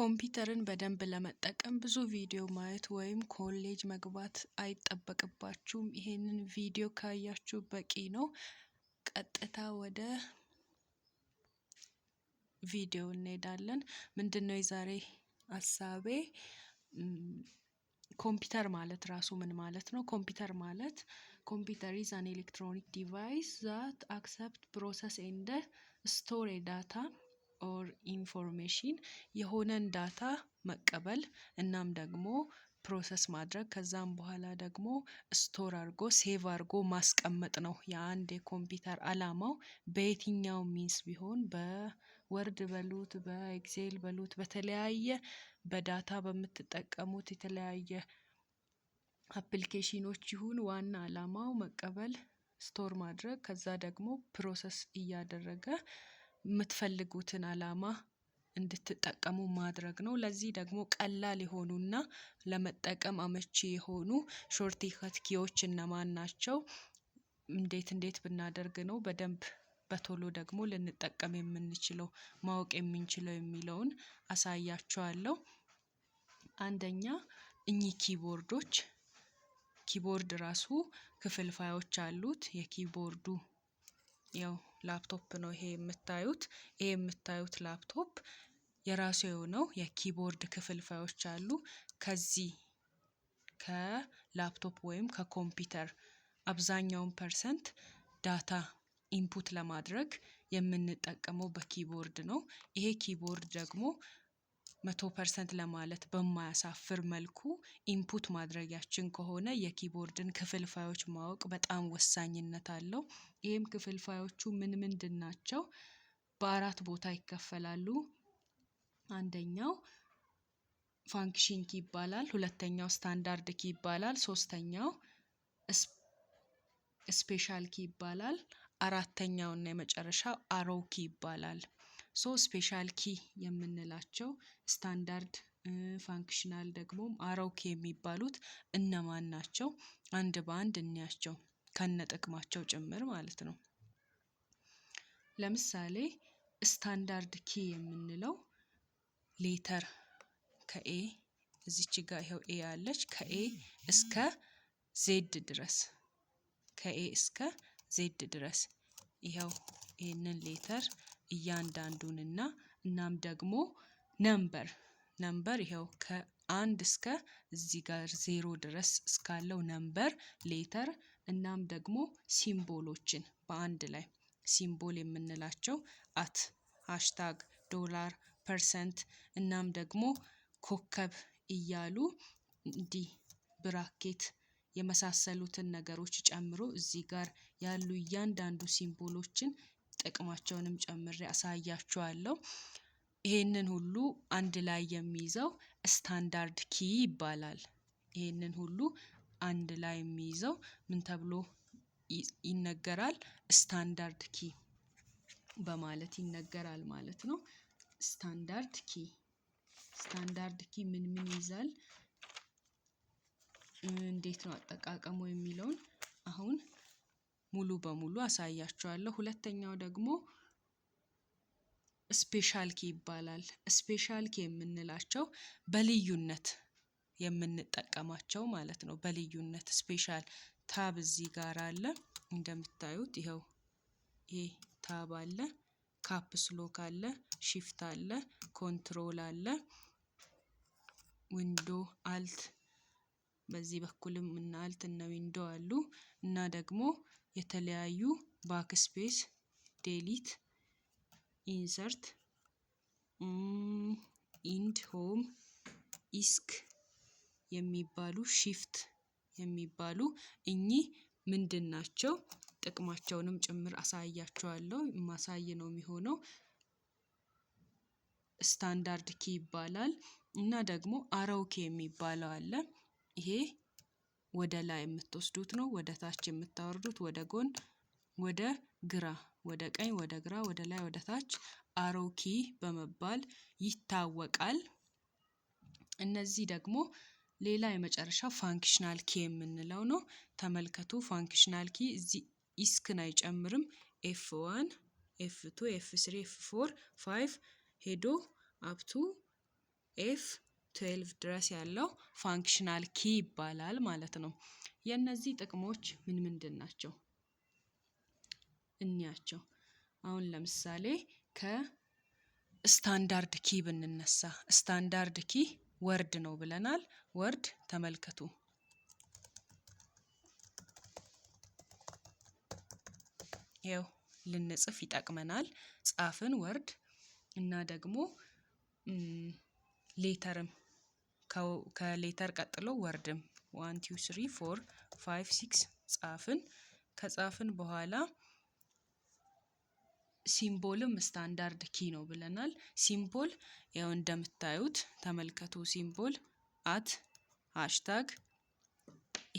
ኮምፒውተርን በደንብ ለመጠቀም ብዙ ቪዲዮ ማየት ወይም ኮሌጅ መግባት አይጠበቅባችሁም ይሄንን ቪዲዮ ካያችሁ በቂ ነው። ቀጥታ ወደ ቪዲዮ እንሄዳለን ምንድነው የዛሬ ሀሳቤ? ኮምፒውተር ማለት ራሱ ምን ማለት ነው? ኮምፒውተር ማለት ኮምፒውተር ኢዝ አን ኤሌክትሮኒክ ዲቫይስ ዛት አክሰፕት ፕሮሰስ ኤንድ ስቶር ዳታ ኦር ኢንፎርሜሽን የሆነን ዳታ መቀበል እናም ደግሞ ፕሮሰስ ማድረግ ከዛም በኋላ ደግሞ ስቶር አድርጎ ሴቭ አድርጎ ማስቀመጥ ነው የአንድ የኮምፒውተር አላማው። በየትኛው ሚንስ ቢሆን በወርድ በሉት በኤክሴል በሉት በተለያየ በዳታ በምትጠቀሙት የተለያየ አፕሊኬሽኖች ይሁን ዋና አላማው መቀበል ስቶር ማድረግ ከዛ ደግሞ ፕሮሰስ እያደረገ የምትፈልጉትን አላማ እንድትጠቀሙ ማድረግ ነው። ለዚህ ደግሞ ቀላል የሆኑና ለመጠቀም አመቺ የሆኑ ሾርት ከትኪዎች እነማን ናቸው? እንዴት እንዴት ብናደርግ ነው በደንብ በቶሎ ደግሞ ልንጠቀም የምንችለው ማወቅ የምንችለው የሚለውን አሳያችኋለሁ። አንደኛ እኚህ ኪቦርዶች ኪቦርድ ራሱ ክፍልፋዮች አሉት የኪቦርዱ ያው ላፕቶፕ ነው ይሄ የምታዩት። ይሄ የምታዩት ላፕቶፕ የራሱ የሆነው የኪቦርድ ክፍልፋዮች አሉ። ከዚህ ከላፕቶፕ ወይም ከኮምፒውተር አብዛኛውን ፐርሰንት ዳታ ኢንፑት ለማድረግ የምንጠቀመው በኪቦርድ ነው። ይሄ ኪቦርድ ደግሞ መቶ ፐርሰንት ለማለት በማያሳፍር መልኩ ኢንፑት ማድረጊያችን ከሆነ የኪቦርድን ክፍልፋዮች ማወቅ በጣም ወሳኝነት አለው። ይህም ክፍልፋዮቹ ምን ምንድን ናቸው? በአራት ቦታ ይከፈላሉ። አንደኛው ፋንክሽን ኪ ይባላል። ሁለተኛው ስታንዳርድ ኪ ይባላል። ሶስተኛው ስፔሻል ኪ ይባላል። አራተኛውና የመጨረሻው አሮው ኪ ይባላል። ሶ ስፔሻል ኪ የምንላቸው ስታንዳርድ ፋንክሽናል ደግሞ አሮኬ የሚባሉት እነማን ናቸው? አንድ በአንድ እንያቸው ከነጠቅማቸው ጭምር ማለት ነው። ለምሳሌ ስታንዳርድ ኪ የምንለው ሌተር ከኤ እዚች ጋር ይኸው ኤ አለች ከኤ እስከ ዜድ ድረስ ከኤ እስከ ዜድ ድረስ ይኸው ይህንን ሌተር እያንዳንዱን እና እናም ደግሞ ነምበር ነምበር ይኸው ከአንድ እስከ እዚህ ጋር ዜሮ ድረስ እስካለው ነምበር ሌተር እናም ደግሞ ሲምቦሎችን በአንድ ላይ ሲምቦል የምንላቸው አት ሃሽታግ ዶላር ፐርሰንት እናም ደግሞ ኮከብ እያሉ እንዲህ ብራኬት የመሳሰሉትን ነገሮች ጨምሮ እዚህ ጋር ያሉ እያንዳንዱ ሲምቦሎችን ጥቅማቸውንም ጨምሬ አሳያችኋለሁ። ይሄንን ሁሉ አንድ ላይ የሚይዘው ስታንዳርድ ኪ ይባላል። ይሄንን ሁሉ አንድ ላይ የሚይዘው ምን ተብሎ ይነገራል? ስታንዳርድ ኪ በማለት ይነገራል ማለት ነው። ስታንዳርድ ኪ ስታንዳርድ ኪ ምን ምን ይይዛል? እንዴት ነው አጠቃቀሙ የሚለውን አሁን ሙሉ በሙሉ አሳያችኋለሁ። ሁለተኛው ደግሞ ስፔሻል ኪ ይባላል ስፔሻል ኪ የምንላቸው በልዩነት የምንጠቀማቸው ማለት ነው። በልዩነት ስፔሻል ታብ እዚህ ጋር አለ እንደምታዩት ይኸው ይሄ ታብ አለ ካፕ ስሎክ አለ ሺፍት አለ ኮንትሮል አለ ዊንዶ አልት በዚህ በኩልም እና አልት እና ዊንዶ አሉ እና ደግሞ የተለያዩ ባክስፔስ ዴሊት ኢንሰርት ኢንድ ሆም ኢስክ የሚባሉ ሺፍት የሚባሉ እኚህ ምንድን ናቸው? ጥቅማቸውንም ጭምር አሳያቸዋለሁ ማሳይ ነው የሚሆነው። ስታንዳርድ ኪ ይባላል እና ደግሞ አሮው ኪ የሚባለው አለ። ይሄ ወደ ላይ የምትወስዱት ነው። ወደ ታች የምታወርዱት ወደ ጎን፣ ወደ ግራ፣ ወደ ቀኝ፣ ወደ ግራ፣ ወደ ላይ፣ ወደ ታች አሮኪ በመባል ይታወቃል። እነዚህ ደግሞ ሌላ የመጨረሻ ፋንክሽናል ኪ የምንለው ነው። ተመልከቱ። ፋንክሽናል ኪ እዚህ ኢስክን አይጨምርም። ኤፍ ዋን፣ ኤፍ ቱ፣ ኤፍ ስሪ፣ ኤፍ ፎር፣ ፋይቭ ሄዶ አፕቱ ኤፍ ትዌልቭ ድረስ ያለው ፋንክሽናል ኪ ይባላል ማለት ነው። የእነዚህ ጥቅሞች ምን ምንድን ናቸው? እንያቸው። አሁን ለምሳሌ ከስታንዳርድ ኪ ብንነሳ ስታንዳርድ ኪ ወርድ ነው ብለናል። ወርድ ተመልከቱ ይኸው ልንጽፍ ይጠቅመናል። ጻፍን ወርድ እና ደግሞ ሌተርም ከሌተር ቀጥሎ ወርድም ዋን ቲው ስሪ ፎር ፋይቭ ሲክስ ጻፍን። ከጻፍን በኋላ ሲምቦልም ስታንዳርድ ኪ ነው ብለናል። ሲምቦል ያው እንደምታዩት ተመልከቱ። ሲምቦል አት ሃሽታግ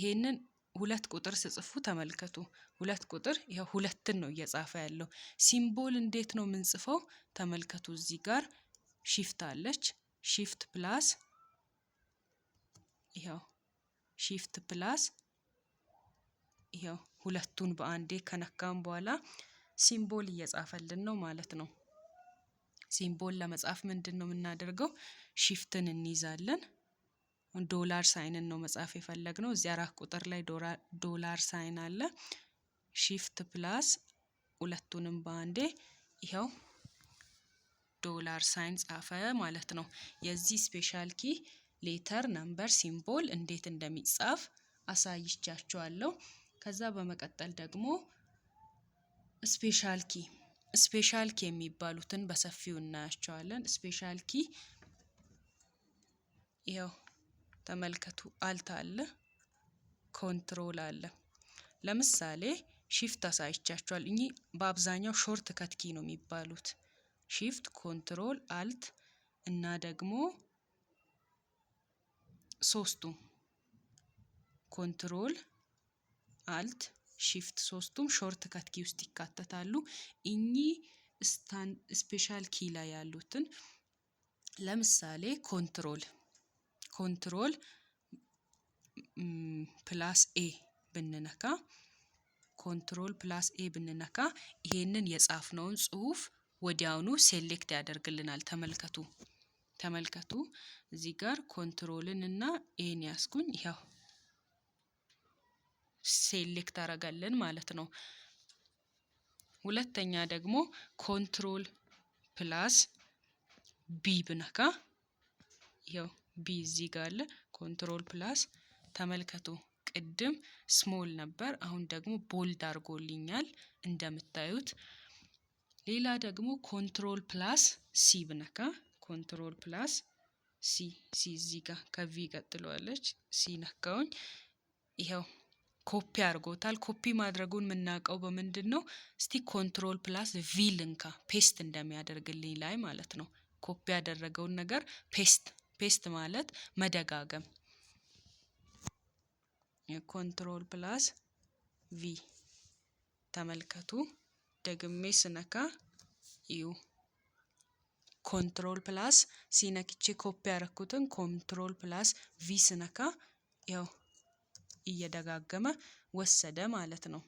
ይሄንን ሁለት ቁጥር ስጽፉ ተመልከቱ። ሁለት ቁጥር ይኸው ሁለትን ነው እየጻፈ ያለው። ሲምቦል እንዴት ነው የምንጽፈው? ተመልከቱ። እዚህ ጋር ሺፍት አለች። ሺፍት ፕላስ ይኸው ሺፍት ፕላስ ይኸው ሁለቱን በአንዴ ከነካም በኋላ ሲምቦል እየጻፈልን ነው ማለት ነው። ሲምቦል ለመጻፍ ምንድን ነው የምናደርገው? ሺፍትን እንይዛለን። ዶላር ሳይንን ነው መጻፍ የፈለግነው እዚህ አራት ቁጥር ላይ ዶላር ሳይን አለ። ሺፍት ፕላስ ሁለቱንም በአንዴ ይኸው ዶላር ሳይን ጻፈ ማለት ነው። የዚህ ስፔሻል ኪ ሌተር ነምበር ሲምቦል እንዴት እንደሚጻፍ አሳይቻችኋለሁ። ከዛ በመቀጠል ደግሞ ስፔሻል ኪ ስፔሻል ኪ የሚባሉትን በሰፊው እናያቸዋለን። ስፔሻል ኪ ያው ተመልከቱ፣ አልት አለ፣ ኮንትሮል አለ። ለምሳሌ ሺፍት አሳይቻችኋል። እኚህ በአብዛኛው ሾርት ከትኪ ነው የሚባሉት። ሺፍት፣ ኮንትሮል፣ አልት እና ደግሞ ሶስቱ ኮንትሮል አልት ሺፍት ሶስቱም ሾርት ከት ኪ ውስጥ ይካተታሉ። እኚህ ስፔሻል ኪ ላይ ያሉትን ለምሳሌ ኮንትሮል ኮንትሮል ፕላስ ኤ ብንነካ ኮንትሮል ፕላስ ኤ ብንነካ ይሄንን የጻፍነውን ጽሁፍ ወዲያውኑ ሴሌክት ያደርግልናል። ተመልከቱ። ተመልከቱ እዚህ ጋር ኮንትሮልን እና ኤን ያስኩኝ ያው ሴሌክት አረጋለን ማለት ነው። ሁለተኛ ደግሞ ኮንትሮል ፕላስ ቢ ብነካ ያው ቢ እዚህ ጋር አለ። ኮንትሮል ፕላስ ተመልከቱ ቅድም ስሞል ነበር፣ አሁን ደግሞ ቦልድ አድርጎልኛል እንደምታዩት። ሌላ ደግሞ ኮንትሮል ፕላስ ሲ ብነካ ኮንትሮል ፕላስ ሲ ሲ እዚህ ጋር ከቪ ቀጥለዋለች። ሲ ነካውኝ፣ ይኸው ኮፒ አድርጎታል። ኮፒ ማድረጉን የምናውቀው በምንድን ነው? እስቲ ኮንትሮል ፕላስ ቪ ልንካ፣ ፔስት እንደሚያደርግልኝ ላይ ማለት ነው። ኮፒ ያደረገውን ነገር ፔስት ፔስት ማለት መደጋገም። ኮንትሮል ፕላስ ቪ ተመልከቱ። ደግሜ ስነካ እዩ ኮንትሮል ፕላስ ሲ ነክቼ ኮፒ ያረኩትን ኮንትሮል ፕላስ ቪ ስነካ ያው እየደጋገመ ወሰደ ማለት ነው።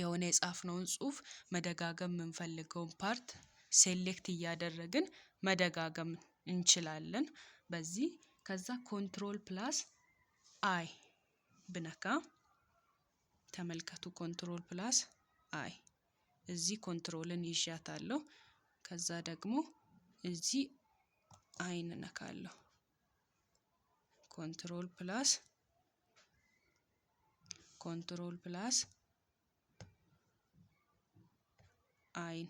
የሆነ የጻፍነውን ጽሁፍ መደጋገም የምንፈልገውን ፓርት ሴሌክት እያደረግን መደጋገም እንችላለን። በዚህ ከዛ ኮንትሮል ፕላስ አይ ብነካ ተመልከቱ። ኮንትሮል ፕላስ አይ እዚህ ኮንትሮልን ይዣታለሁ። ከዛ ደግሞ እዚህ አይን ነካለሁ። ኮንትሮል ፕላስ ኮንትሮል ፕላስ አይን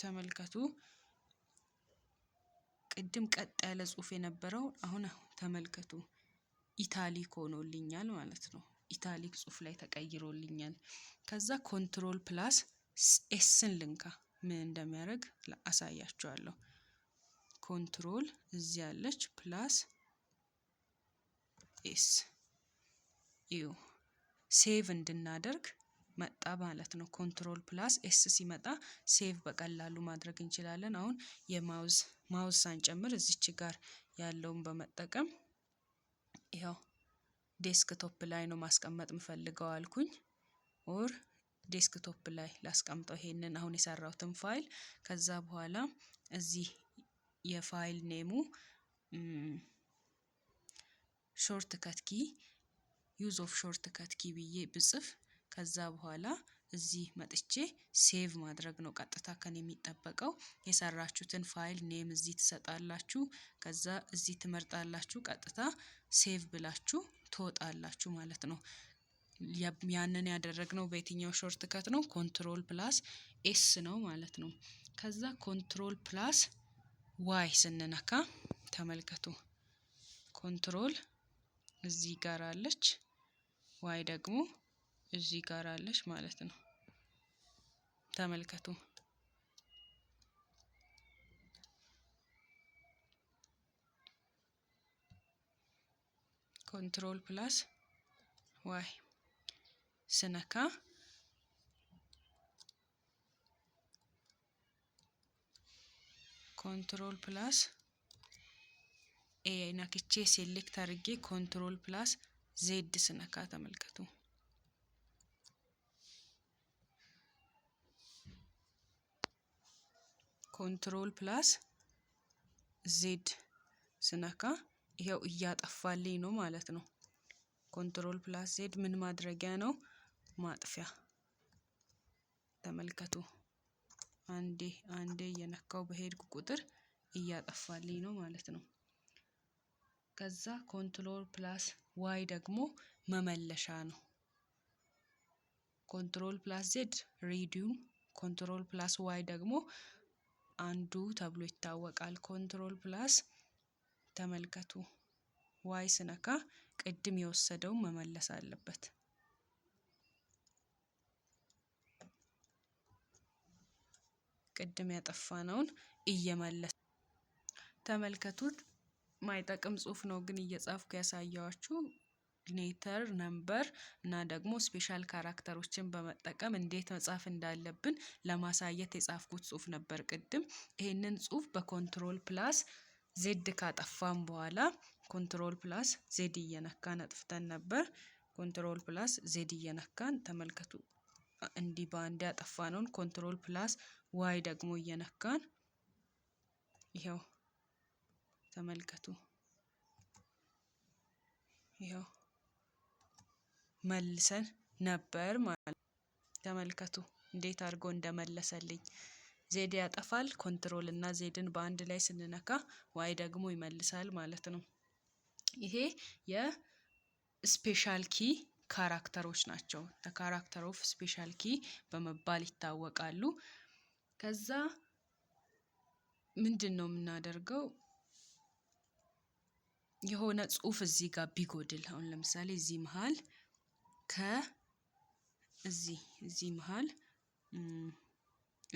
ተመልከቱ። ቅድም ቀጥ ያለ ጽሁፍ የነበረው አሁን ተመልከቱ ኢታሊክ ሆኖልኛል ማለት ነው። ኢታሊክ ጽሁፍ ላይ ተቀይሮልኛል። ከዛ ኮንትሮል ፕላስ ኤስን ልንካ ምን እንደሚያደርግ አሳያችኋለሁ። ኮንትሮል እዚህ ያለች ፕላስ ኤስ እዩ ሴቭ እንድናደርግ መጣ ማለት ነው። ኮንትሮል ፕላስ ኤስ ሲመጣ ሴቭ በቀላሉ ማድረግ እንችላለን። አሁን የማውዝ ማውዝ ሳንጨምር እዚች ጋር ያለውን በመጠቀም ይኸው ዴስክቶፕ ላይ ነው ማስቀመጥ የምፈልገው አልኩኝ። ኦር ዴስክቶፕ ላይ ላስቀምጠው ይሄንን አሁን የሰራሁትን ፋይል ከዛ በኋላ እዚህ የፋይል ኔሙ ሾርት ከት ኪ ዩዝ ኦፍ ሾርት ከት ኪ ብዬ ብጽፍ ከዛ በኋላ እዚህ መጥቼ ሴቭ ማድረግ ነው ቀጥታ ከን የሚጠበቀው። የሰራችሁትን ፋይል ኔም እዚህ ትሰጣላችሁ። ከዛ እዚህ ትመርጣላችሁ። ቀጥታ ሴቭ ብላችሁ ትወጣላችሁ ማለት ነው። ያንን ያደረግነው በየትኛው ሾርት ከት ነው? ኮንትሮል ፕላስ ኤስ ነው ማለት ነው። ከዛ ኮንትሮል ፕላስ ዋይ ስንነካ ተመልከቱ፣ ኮንትሮል እዚህ ጋር አለች፣ ዋይ ደግሞ እዚህ ጋር አለች ማለት ነው። ተመልከቱ። ኮንትሮል ፕላስ ዋይ ስነካ ኮንትሮል ፕላስ ኤ ነክቼ ሴሌክት አድርጌ ኮንትሮል ፕላስ ዜድ ስነካ ተመልከቱ። ኮንትሮል ፕላስ ዜድ ስነካ ይሄው እያጠፋልኝ ነው ማለት ነው። ኮንትሮል ፕላስ ዜድ ምን ማድረጊያ ነው? ማጥፊያ። ተመልከቱ አንዴ አንዴ እየነካው በሄድኩ ቁጥር እያጠፋልኝ ነው ማለት ነው። ከዛ ኮንትሮል ፕላስ ዋይ ደግሞ መመለሻ ነው። ኮንትሮል ፕላስ ዜድ ኮንትሮል ፕላስ ዋይ ደግሞ አንዱ ተብሎ ይታወቃል። ኮንትሮል ፕላስ ተመልከቱ ዋይ ስነካ ቅድም የወሰደውን መመለስ አለበት። ቅድም ያጠፋነውን እየመለስ ተመልከቱት። ማይጠቅም ጽሁፍ ነው ግን እየጻፍኩ ያሳያችሁ ኔተር ነምበር እና ደግሞ ስፔሻል ካራክተሮችን በመጠቀም እንዴት መጻፍ እንዳለብን ለማሳየት የጻፍኩት ጽሁፍ ነበር ቅድም። ይህንን ጽሁፍ በኮንትሮል ፕላስ ዜድ ካጠፋን በኋላ ኮንትሮል ፕላስ ዜድ እየነካን አጥፍተን ነበር። ኮንትሮል ፕላስ ዜድ እየነካን ተመልከቱ። እንዲህ በአንድ ነውን ኮንትሮል ፕላስ ዋይ ደግሞ እየነካን ይኸው ተመልከቱ። ይኸው መልሰን ነበር ማለት ተመልከቱ እንዴት አድርጎ እንደመለሰልኝ ዜድ ያጠፋል ኮንትሮል እና ዜድን በአንድ ላይ ስንነካ ዋይ ደግሞ ይመልሳል ማለት ነው። ይሄ የስፔሻል ኪ ካራክተሮች ናቸው። ካራክተር ኦፍ ስፔሻል ኪ በመባል ይታወቃሉ። ከዛ ምንድን ነው የምናደርገው? የሆነ ጽሁፍ እዚህ ጋር ቢጎድል አሁን ለምሳሌ እዚህ መሀል ከ እዚህ እዚህ መሀል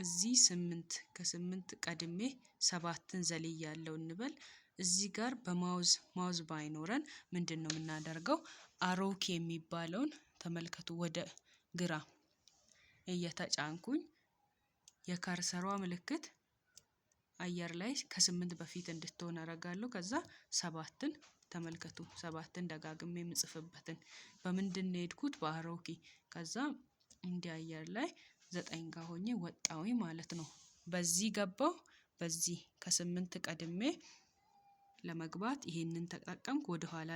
እዚህ ስምንት ከስምንት ቀድሜ ሰባትን ያለው እንበል። እዚህ ጋር በማውዝ ማውዝ ባይኖረን ምንድን ነው የምናደርገው? አሮኪ የሚባለውን ተመልከቱ። ወደ ግራ እየተጫንኩኝ የካርሰሯ ምልክት አየር ላይ ከስምንት በፊት እንድትሆን አረጋለሁ። ከዛ ሰባትን ተመልከቱ፣ ሰባትን ደጋግሜ የምጽፍበትን በምንድን ነው የሄድኩት? በአሮኪ ከዛ እንዲህ አየር ላይ ዘጠኝ ጋር ሆኜ ወጣሁኝ ማለት ነው። በዚህ ገባው በዚህ ከስምንት ቀድሜ ለመግባት ይሄንን ተጠቀምኩ ወደኋላ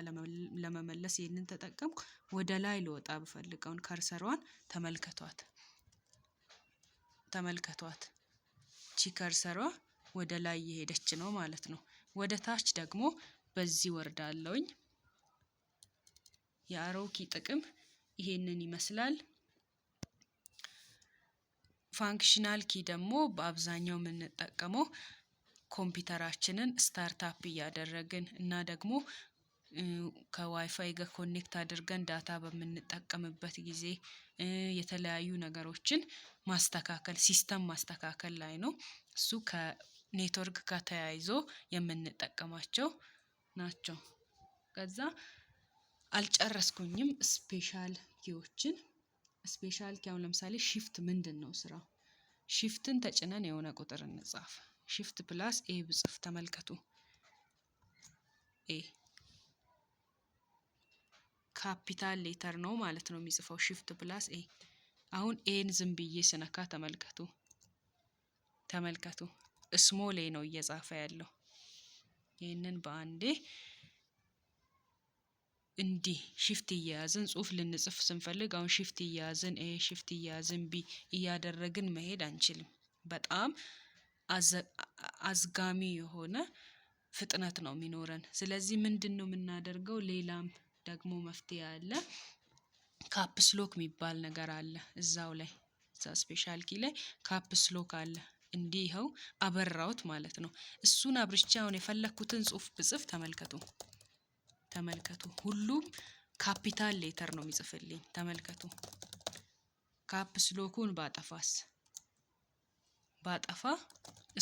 ለመመለስ ይሄንን ተጠቀምኩ። ወደ ላይ ልወጣ ብፈልገውን ከርሰሯን ተመልከቷት ተመልከቷት ቺ ከርሰሯ ወደ ላይ እየሄደች ነው ማለት ነው። ወደ ታች ደግሞ በዚህ ወርዳለሁኝ። የአሮኪ ጥቅም ይሄንን ይመስላል። ፋንክሽናል ኪ ደግሞ በአብዛኛው የምንጠቀመው ኮምፒውተራችንን ስታርታፕ እያደረግን እና ደግሞ ከዋይፋይ ጋር ኮኔክት አድርገን ዳታ በምንጠቀምበት ጊዜ የተለያዩ ነገሮችን ማስተካከል ሲስተም ማስተካከል ላይ ነው። እሱ ከኔትወርክ ጋር ተያይዞ የምንጠቀማቸው ናቸው። ከዛ አልጨረስኩኝም ስፔሻል ኪዎችን ስፔሻሊቲ አሁን ለምሳሌ ሺፍት ምንድን ነው ስራው? ሺፍትን ተጭነን የሆነ ቁጥር እንጻፍ። ሺፍት ፕላስ ኤ ብጽፍ ተመልከቱ። ኤ ካፒታል ሌተር ነው ማለት ነው የሚጽፈው ሺፍት ፕላስ ኤ። አሁን ኤን ዝም ብዬ ስነካ ተመልከቱ፣ ተመልከቱ ስሞሌ ነው እየጻፈ ያለው። ይህንን በአንዴ እንዲህ ሽፍት እያያዝን ጽሁፍ ልንጽፍ ስንፈልግ አሁን ሽፍት እያያዝን ኤ ሽፍት እያያዝን ቢ እያደረግን መሄድ አንችልም። በጣም አዝጋሚ የሆነ ፍጥነት ነው የሚኖረን። ስለዚህ ምንድን ነው የምናደርገው? ሌላም ደግሞ መፍትሄ አለ። ካፕስሎክ የሚባል ነገር አለ። እዛው ላይ እዛ ስፔሻል ኪ ላይ ካፕስሎክ አለ። እንዲህ ይኸው አበራውት ማለት ነው። እሱን አብርቻ አሁን የፈለግኩትን ጽሁፍ ብጽፍ ተመልከቱ። ተመልከቱ። ሁሉም ካፒታል ሌተር ነው የሚጽፍልኝ። ተመልከቱ። ካፕስ ሎኩን ባጠፋስ ባጠፋ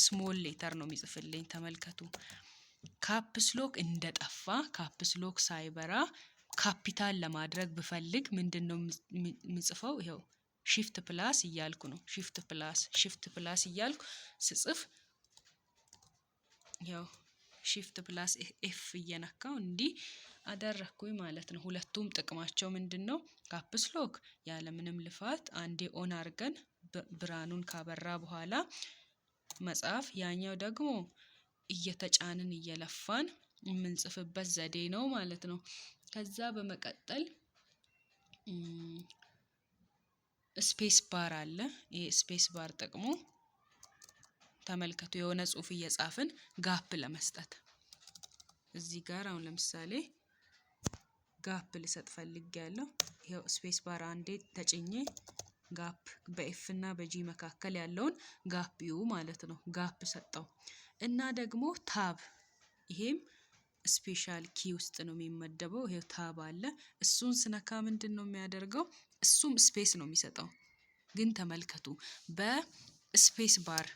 ስሞል ሌተር ነው የሚጽፍልኝ። ተመልከቱ። ካፕስ ሎክ እንደጠፋ ካፕስ ሎክ ሳይበራ ካፒታል ለማድረግ ብፈልግ ምንድን ነው የምጽፈው? ይኸው ሺፍት ፕላስ እያልኩ ነው። ሺፍት ፕላስ ሺፍት ፕላስ እያልኩ ስጽፍ ያው ሺፍት ፕላስ ኤፍ እየነካው እንዲህ አደረግኩኝ ማለት ነው። ሁለቱም ጥቅማቸው ምንድን ነው? ካፕስ ሎክ ያለምንም ልፋት አንዴ ኦን አርገን ብርሃኑን ካበራ በኋላ መጽሐፍ፣ ያኛው ደግሞ እየተጫንን እየለፋን የምንጽፍበት ዘዴ ነው ማለት ነው። ከዛ በመቀጠል ስፔስ ባር አለ። ይሄ ስፔስ ባር ጥቅሙ ተመልከቱ የሆነ ጽሁፍ እየጻፍን ጋፕ ለመስጠት እዚህ ጋር አሁን ለምሳሌ ጋፕ ልሰጥ ፈልግ ያለው ይኸው ስፔስ ባር አንዴ ተጭኜ ጋፕ በኤፍ እና በጂ መካከል ያለውን ጋፕ ዩ ማለት ነው። ጋፕ ሰጠው እና ደግሞ ታብ ይሄም ስፔሻል ኪ ውስጥ ነው የሚመደበው። ይሄው ታብ አለ። እሱን ስነካ ምንድን ነው የሚያደርገው? እሱም ስፔስ ነው የሚሰጠው። ግን ተመልከቱ በስፔስ ባር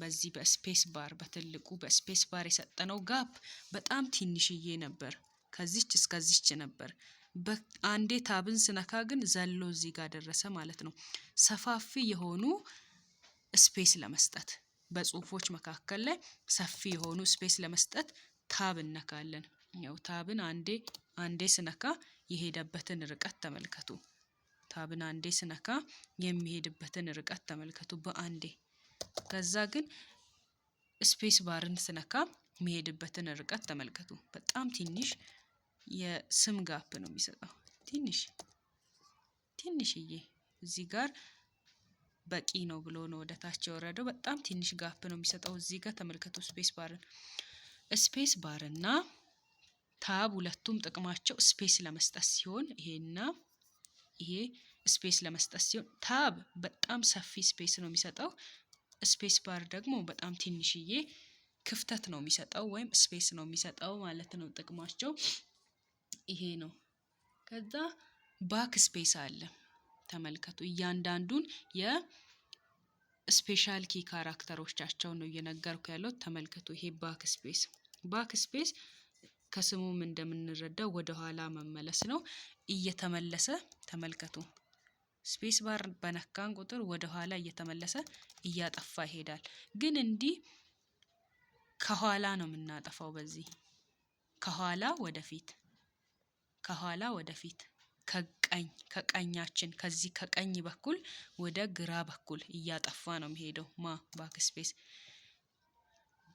በዚህ በስፔስ ባር በትልቁ በስፔስ ባር የሰጠነው ጋፕ በጣም ትንሽዬ ነበር። ከዚች እስከዚች ነበር። በአንዴ ታብን ስነካ ግን ዘሎ እዚህ ጋር ደረሰ ማለት ነው። ሰፋፊ የሆኑ ስፔስ ለመስጠት በጽሁፎች መካከል ላይ ሰፊ የሆኑ ስፔስ ለመስጠት ታብ እነካለን። ያው ታብን አንዴ አንዴ ስነካ የሄደበትን ርቀት ተመልከቱ። ታብን አንዴ ስነካ የሚሄድበትን ርቀት ተመልከቱ በአንዴ ከዛ ግን ስፔስ ባርን ስነካ የሚሄድበትን ርቀት ተመልከቱ። በጣም ትንሽ የስም ጋፕ ነው የሚሰጠው። ትንሽ ትንሽዬ እዚህ ጋር በቂ ነው ብሎ ነው ወደ ታች የወረደው። በጣም ትንሽ ጋፕ ነው የሚሰጠው እዚህ ጋር ተመልከቱ። ስፔስ ባርን ስፔስ ባርና ታብ ሁለቱም ጥቅማቸው ስፔስ ለመስጠት ሲሆን ይሄና ይሄ ስፔስ ለመስጠት ሲሆን ታብ በጣም ሰፊ ስፔስ ነው የሚሰጠው። ስፔስ ባር ደግሞ በጣም ትንሽዬ ክፍተት ነው የሚሰጠው ወይም ስፔስ ነው የሚሰጠው ማለት ነው። ጥቅማቸው ይሄ ነው። ከዛ ባክ ስፔስ አለ። ተመልከቱ እያንዳንዱን የስፔሻል ኪ ካራክተሮቻቸው ነው እየነገርኩ ያለው። ተመልከቱ ይሄ ባክ ስፔስ ባክ ስፔስ ከስሙም እንደምንረዳው ወደኋላ መመለስ ነው። እየተመለሰ ተመልከቱ ስፔስ ባር በነካን ቁጥር ወደ ኋላ እየተመለሰ እያጠፋ ይሄዳል። ግን እንዲህ ከኋላ ነው የምናጠፋው። በዚህ ከኋላ ወደፊት፣ ከኋላ ወደፊት፣ ከቀኝ ከቀኛችን ከዚህ ከቀኝ በኩል ወደ ግራ በኩል እያጠፋ ነው የሚሄደው። ማ ባክ ስፔስ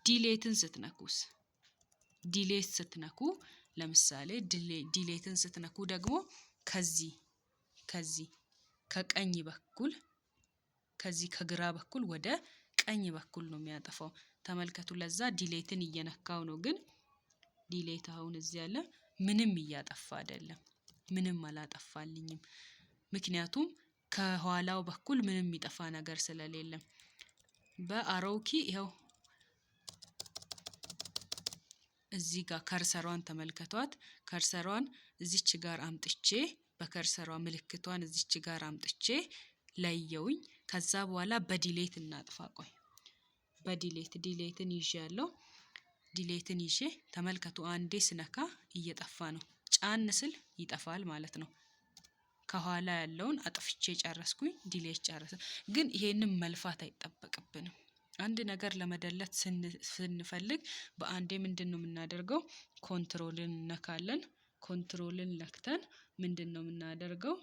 ዲሌትን ስትነኩስ ዲሌት ስትነኩ ለምሳሌ ዲሌትን ስትነኩ ደግሞ ከዚህ ከዚህ ከቀኝ በኩል ከዚህ ከግራ በኩል ወደ ቀኝ በኩል ነው የሚያጠፋው። ተመልከቱ። ለዛ ዲሌትን እየነካው ነው። ግን ዲሌት አሁን እዚህ ያለ ምንም እያጠፋ አይደለም። ምንም አላጠፋልኝም። ምክንያቱም ከኋላው በኩል ምንም የሚጠፋ ነገር ስለሌለም በአሮውኪ ይኸው እዚህ ጋር ከርሰሯን ተመልከቷት። ከርሰሯን እዚች ጋር አምጥቼ በከርሰሯ ምልክቷን እዚች ጋር አምጥቼ ለየውኝ። ከዛ በኋላ በዲሌት እናጥፋ። ቆይ በዲሌት ዲሌትን ይዤ ያለው ዲሌትን ይዤ ተመልከቱ። አንዴ ስነካ እየጠፋ ነው። ጫን ስል ይጠፋል ማለት ነው። ከኋላ ያለውን አጥፍቼ ጨረስኩኝ። ዲሌት ጨረሰ። ግን ይሄንን መልፋት አይጠበቅብንም። አንድ ነገር ለመደለት ስንፈልግ በአንዴ ምንድን ነው የምናደርገው? ኮንትሮልን እነካለን። ኮንትሮልን ለክተን ምንድን ነው የምናደርገው?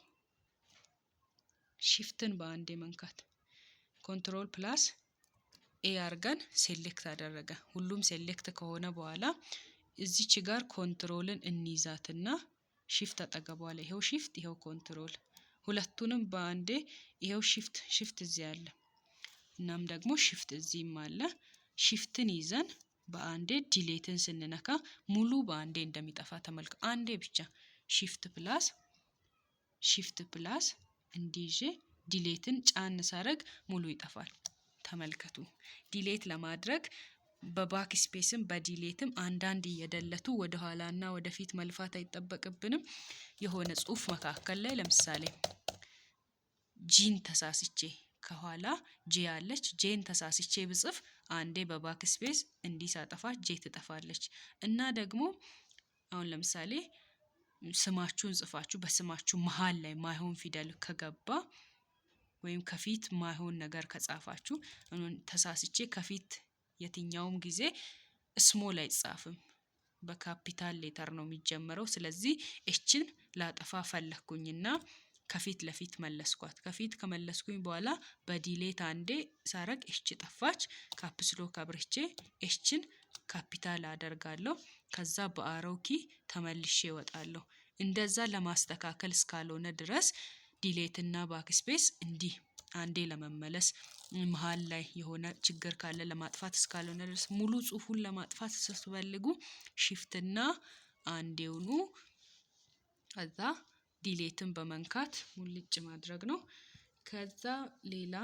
ሺፍትን በአንዴ መንካት ኮንትሮል ፕላስ ኤ አርገን ሴሌክት አደረገ። ሁሉም ሴሌክት ከሆነ በኋላ እዚች ጋር ኮንትሮልን እንይዛትና ሺፍት አጠገቧ ይሄው ይኸው ሺፍት ይኸው ኮንትሮል ሁለቱንም በአንዴ ይኸው ሺፍት ሺፍት እዚህ አለ። እናም ደግሞ ሺፍት እዚህም አለ። ሺፍትን ይዘን በአንዴ ዲሌትን ስንነካ ሙሉ በአንዴ እንደሚጠፋ ተመልክ አንዴ ብቻ ሺፍት ፕላስ ሺፍት ፕላስ እንዲይዤ ዲሌትን ጫን ሳረግ ሙሉ ይጠፋል። ተመልከቱ ዲሌት ለማድረግ በባክ ስፔስም በዲሌትም አንዳንድ እየደለቱ ወደ ኋላና ወደፊት መልፋት አይጠበቅብንም። የሆነ ጽሁፍ መካከል ላይ ለምሳሌ ጂን ተሳስቼ ከኋላ ጄ አለች ጄን ተሳስቼ ብጽፍ አንዴ በባክ ስፔስ እንዲህ ሳጠፋ ጄ ትጠፋለች እና ደግሞ አሁን ለምሳሌ ስማችሁን ጽፋችሁ በስማችሁ መሀል ላይ ማይሆን ፊደል ከገባ ወይም ከፊት ማይሆን ነገር ከጻፋችሁ ተሳስቼ ከፊት የትኛውም ጊዜ ስሞል አይጻፍም በካፒታል ሌተር ነው የሚጀመረው። ስለዚህ እችን ላጠፋ ፈለግኩኝና ከፊት ለፊት መለስኳት። ከፊት ከመለስኩኝ በኋላ በዲሌት አንዴ ሳረግ ኤች ጠፋች። ካፕስሎ ከብርቼ ኤችን ካፒታል አደርጋለሁ። ከዛ በአረው ኪ ተመልሼ እወጣለሁ። እንደዛ ለማስተካከል እስካልሆነ ድረስ ዲሌት እና ባክስፔስ እንዲህ አንዴ ለመመለስ መሀል ላይ የሆነ ችግር ካለ ለማጥፋት እስካልሆነ ድረስ ሙሉ ጽሁፉን ለማጥፋት ስትፈልጉ ሽፍትና አንዴውኑ ከዛ ዲሌትን በመንካት ሙልጭ ማድረግ ነው። ከዛ ሌላ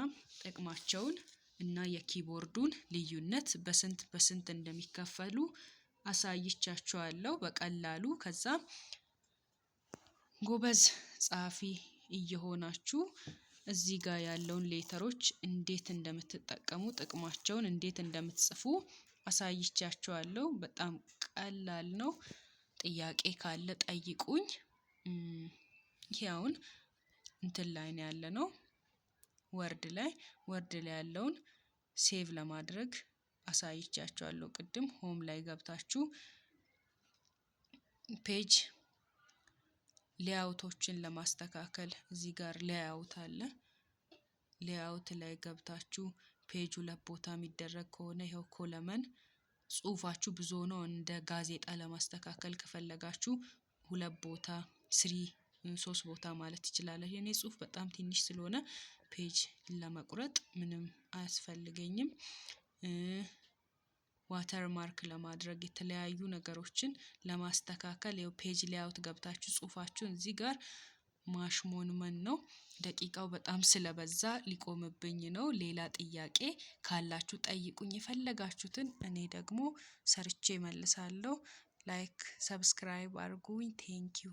ጥቅማቸውን እና የኪቦርዱን ልዩነት በስንት በስንት እንደሚከፈሉ አሳይቻችኋለሁ በቀላሉ። ከዛ ጎበዝ ጸሐፊ እየሆናችሁ እዚህ ጋር ያለውን ሌተሮች እንዴት እንደምትጠቀሙ ጥቅማቸውን እንዴት እንደምትጽፉ አሳይቻችኋለሁ። በጣም ቀላል ነው። ጥያቄ ካለ ጠይቁኝ። ይሄ እንትን ላይ ነው ያለ ነው ወርድ ላይ ወርድ ላይ ያለውን ሴቭ ለማድረግ አሳይቻችኋለሁ። ቅድም ሆም ላይ ገብታችሁ ፔጅ ሌአውቶችን ለማስተካከል እዚህ ጋር ሌአውት አለ። ሌአውት ላይ ገብታችሁ ፔጅ ሁለት ቦታ የሚደረግ ከሆነ ይኸው ኮለመን ጽሁፋችሁ ብዙ ነው። እንደ ጋዜጣ ለማስተካከል ከፈለጋችሁ ሁለት ቦታ ስሪ ሶስት ቦታ ማለት ትችላለህ። የኔ ጽሁፍ በጣም ትንሽ ስለሆነ ፔጅ ለመቁረጥ ምንም አያስፈልገኝም። ዋተር ማርክ ለማድረግ የተለያዩ ነገሮችን ለማስተካከል ው ፔጅ ሊያውት ገብታችሁ ጽሁፋችሁን እዚህ ጋር ማሽሞንመን ነው ደቂቃው በጣም ስለበዛ ሊቆምብኝ ነው። ሌላ ጥያቄ ካላችሁ ጠይቁኝ የፈለጋችሁትን እኔ ደግሞ ሰርቼ መልሳለሁ። ላይክ ሰብስክራይብ አድርጉኝ ቴንኪዩ